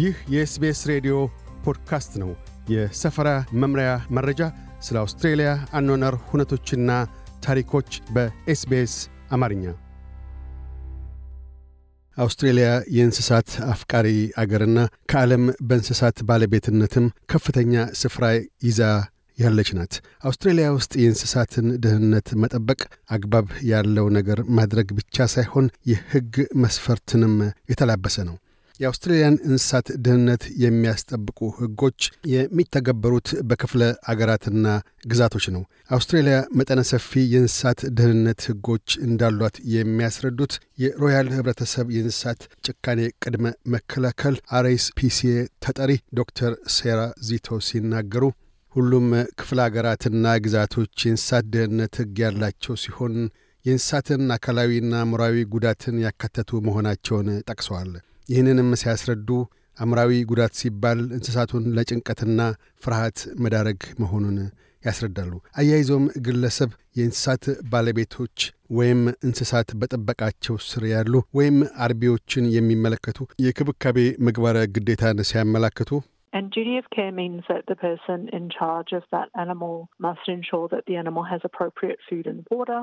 ይህ የኤስቤስ ሬዲዮ ፖድካስት ነው። የሰፈራ መምሪያ መረጃ፣ ስለ አውስትሬልያ አኗነር ሁነቶችና ታሪኮች በኤስቤስ አማርኛ። አውስትሬልያ የእንስሳት አፍቃሪ አገርና ከዓለም በእንስሳት ባለቤትነትም ከፍተኛ ስፍራ ይዛ ያለች ናት። አውስትሬልያ ውስጥ የእንስሳትን ደህንነት መጠበቅ አግባብ ያለው ነገር ማድረግ ብቻ ሳይሆን የሕግ መስፈርትንም የተላበሰ ነው። የአውስትሬልያን እንስሳት ደህንነት የሚያስጠብቁ ህጎች የሚተገበሩት በክፍለ አገራትና ግዛቶች ነው። አውስትሬልያ መጠነ ሰፊ የእንስሳት ደህንነት ህጎች እንዳሏት የሚያስረዱት የሮያል ህብረተሰብ የእንስሳት ጭካኔ ቅድመ መከላከል አሬስ ፒሲኤ ተጠሪ ዶክተር ሴራ ዚቶ ሲናገሩ ሁሉም ክፍለ አገራትና ግዛቶች የእንስሳት ደህንነት ህግ ያላቸው ሲሆን የእንስሳትን አካላዊና አእምሮአዊ ጉዳትን ያካተቱ መሆናቸውን ጠቅሰዋል። ይህንንም ሲያስረዱ አእምራዊ ጉዳት ሲባል እንስሳቱን ለጭንቀትና ፍርሃት መዳረግ መሆኑን ያስረዳሉ። አያይዞም ግለሰብ የእንስሳት ባለቤቶች ወይም እንስሳት በጥበቃቸው ስር ያሉ ወይም አርቢዎችን የሚመለከቱ የክብካቤ ምግባረ ግዴታን ሲያመላክቱ And duty of care means that the person in charge of that animal must ensure that the animal has appropriate food and water.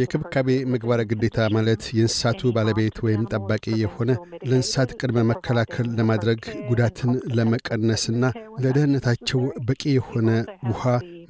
የክብካቤ ምግባረ ግዴታ ማለት የእንስሳቱ ባለቤት ወይም ጠባቂ የሆነ ለእንስሳት ቅድመ መከላከል ለማድረግ ጉዳትን ለመቀነስና ለደህንነታቸው በቂ የሆነ ውሃ፣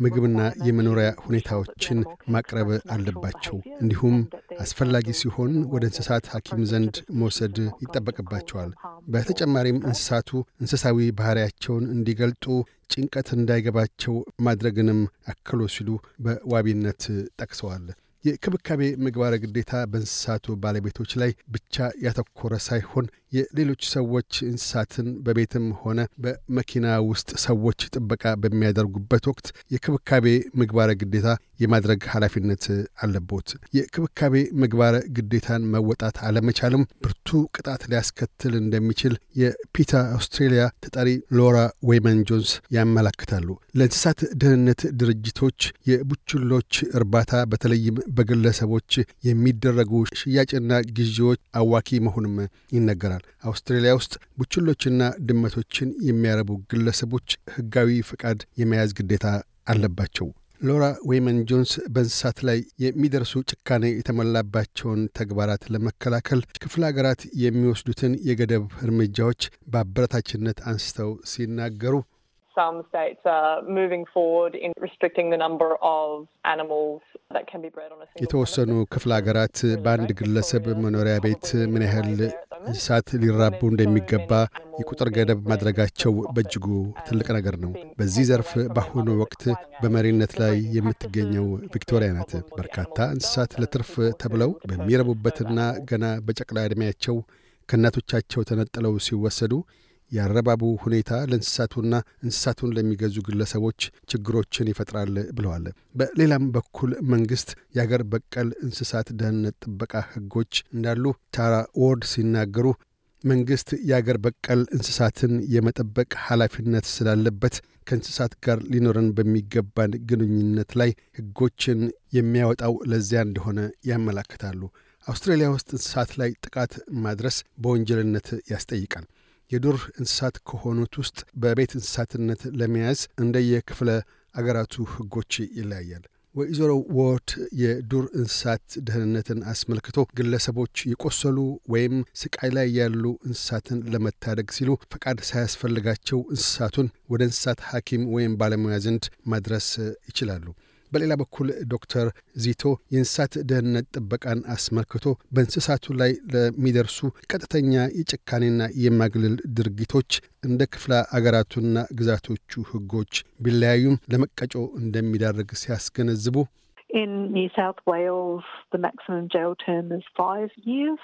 ምግብና የመኖሪያ ሁኔታዎችን ማቅረብ አለባቸው። እንዲሁም አስፈላጊ ሲሆን ወደ እንስሳት ሐኪም ዘንድ መውሰድ ይጠበቅባቸዋል። በተጨማሪም እንስሳቱ እንስሳዊ ባሕርያቸውን እንዲገልጡ ጭንቀት እንዳይገባቸው ማድረግንም አክሎ ሲሉ በዋቢነት ጠቅሰዋል። የክብካቤ ምግባረ ግዴታ በእንስሳቱ ባለቤቶች ላይ ብቻ ያተኮረ ሳይሆን የሌሎች ሰዎች እንስሳትን በቤትም ሆነ በመኪና ውስጥ ሰዎች ጥበቃ በሚያደርጉበት ወቅት የክብካቤ ምግባረ ግዴታ የማድረግ ኃላፊነት አለቦት። የክብካቤ ምግባረ ግዴታን መወጣት አለመቻልም ብርቱ ቅጣት ሊያስከትል እንደሚችል የፒታ አውስትሬሊያ ተጠሪ ሎራ ወይመን ጆንስ ያመላክታሉ። ለእንስሳት ደህንነት ድርጅቶች የቡችሎች እርባታ በተለይም በግለሰቦች የሚደረጉ ሽያጭና ግዢዎች አዋኪ መሆኑም ይነገራል። ተናግረዋል። አውስትራሊያ ውስጥ ቡችሎችና ድመቶችን የሚያረቡ ግለሰቦች ሕጋዊ ፈቃድ የመያዝ ግዴታ አለባቸው። ሎራ ዌይመን ጆንስ በእንስሳት ላይ የሚደርሱ ጭካኔ የተሞላባቸውን ተግባራት ለመከላከል ክፍለ ሀገራት የሚወስዱትን የገደብ እርምጃዎች በአበረታችነት አንስተው ሲናገሩ የተወሰኑ ክፍለ ሀገራት በአንድ ግለሰብ መኖሪያ ቤት ምን ያህል እንስሳት ሊራቡ እንደሚገባ የቁጥር ገደብ ማድረጋቸው በእጅጉ ትልቅ ነገር ነው። በዚህ ዘርፍ በአሁኑ ወቅት በመሪነት ላይ የምትገኘው ቪክቶሪያ ናት። በርካታ እንስሳት ለትርፍ ተብለው በሚረቡበትና ገና በጨቅላ ዕድሜያቸው ከእናቶቻቸው ተነጥለው ሲወሰዱ የአረባቡ ሁኔታ ለእንስሳቱና እንስሳቱን ለሚገዙ ግለሰቦች ችግሮችን ይፈጥራል ብለዋል። በሌላም በኩል መንግስት የአገር በቀል እንስሳት ደህንነት ጥበቃ ህጎች እንዳሉ ታራ ዎርድ ሲናገሩ መንግስት የአገር በቀል እንስሳትን የመጠበቅ ኃላፊነት ስላለበት ከእንስሳት ጋር ሊኖረን በሚገባን ግንኙነት ላይ ህጎችን የሚያወጣው ለዚያ እንደሆነ ያመላክታሉ። አውስትራሊያ ውስጥ እንስሳት ላይ ጥቃት ማድረስ በወንጀልነት ያስጠይቃል። የዱር እንስሳት ከሆኑት ውስጥ በቤት እንስሳትነት ለመያዝ እንደየክፍለ አገራቱ ህጎች ይለያያል። ወይዘሮ ወርድ የዱር እንስሳት ደህንነትን አስመልክቶ ግለሰቦች የቆሰሉ ወይም ስቃይ ላይ ያሉ እንስሳትን ለመታደግ ሲሉ ፈቃድ ሳያስፈልጋቸው እንስሳቱን ወደ እንስሳት ሐኪም ወይም ባለሙያ ዘንድ ማድረስ ይችላሉ። በሌላ በኩል ዶክተር ዚቶ የእንስሳት ደህንነት ጥበቃን አስመልክቶ በእንስሳቱ ላይ ለሚደርሱ ቀጥተኛ የጭካኔና የማግለል ድርጊቶች እንደ ክፍለ አገራቱና ግዛቶቹ ህጎች ቢለያዩም ለመቀጮ እንደሚዳርግ ሲያስገነዝቡ In New South Wales, the maximum jail term is five years.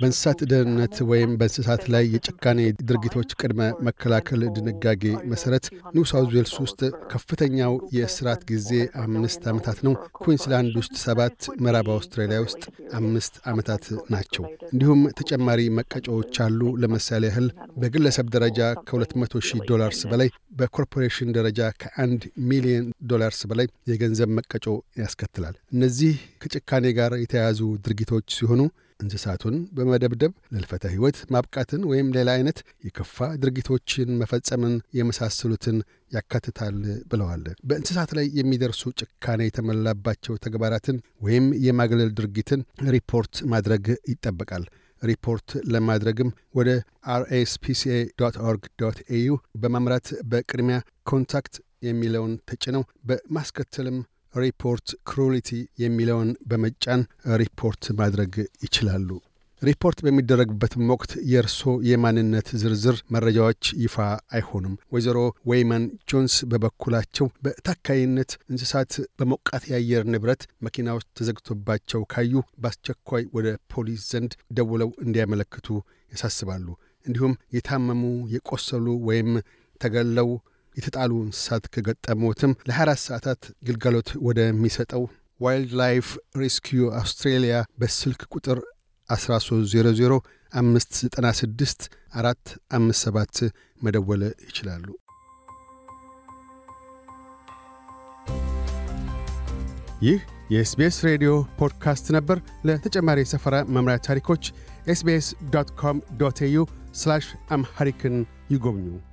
በእንስሳት ደህንነት ወይም በእንስሳት ላይ የጭካኔ ድርጊቶች ቅድመ መከላከል ድንጋጌ መሰረት ኒው ሳውዝ ዌልስ ውስጥ ከፍተኛው የእስራት ጊዜ አምስት ዓመታት ነው። ኩዊንስላንድ ውስጥ ሰባት፣ ምዕራብ አውስትራሊያ ውስጥ አምስት ዓመታት ናቸው። እንዲሁም ተጨማሪ መቀጫዎች አሉ። ለምሳሌ ያህል በግለሰብ ደረጃ ከ200 ሺህ ዶላርስ በላይ በኮርፖሬሽን ደረጃ ከአንድ ሚሊዮን ዶላርስ በላይ የገንዘብ መቀጮ ያስከትላል። እነዚህ ከጭካኔ ጋር የተያያዙ ድርጊቶች ሲሆኑ እንስሳቱን በመደብደብ ለልፈተ ሕይወት ማብቃትን ወይም ሌላ አይነት የከፋ ድርጊቶችን መፈጸምን የመሳሰሉትን ያካትታል ብለዋል። በእንስሳት ላይ የሚደርሱ ጭካኔ የተሞላባቸው ተግባራትን ወይም የማግለል ድርጊትን ሪፖርት ማድረግ ይጠበቃል። ሪፖርት ለማድረግም ወደ አርኤስፒሲኤ ኦርግ ኤዩ በማምራት በቅድሚያ ኮንታክት የሚለውን ተጭነው በማስከተልም ሪፖርት ክሩሊቲ የሚለውን በመጫን ሪፖርት ማድረግ ይችላሉ። ሪፖርት በሚደረግበትም ወቅት የእርሶ የማንነት ዝርዝር መረጃዎች ይፋ አይሆኑም። ወይዘሮ ወይመን ጆንስ በበኩላቸው በታካይነት እንስሳት በሞቃት የአየር ንብረት መኪናዎች ተዘግቶባቸው ካዩ በአስቸኳይ ወደ ፖሊስ ዘንድ ደውለው እንዲያመለክቱ ያሳስባሉ። እንዲሁም የታመሙ፣ የቆሰሉ ወይም ተገለው የተጣሉ እንስሳት ከገጠሙትም ለ24 ሰዓታት ግልጋሎት ወደሚሰጠው ዋይልድ ላይፍ ሬስኪዩ አውስትሬሊያ በስልክ ቁጥር 1300 596 457 መደወል ይችላሉ። ይህ የኤስቤስ ሬዲዮ ፖድካስት ነበር። ለተጨማሪ የሰፈራ መምሪያ ታሪኮች ኤስቤስ ዶት ኮም ዶት ኤዩ አምሐሪክን ይጎብኙ።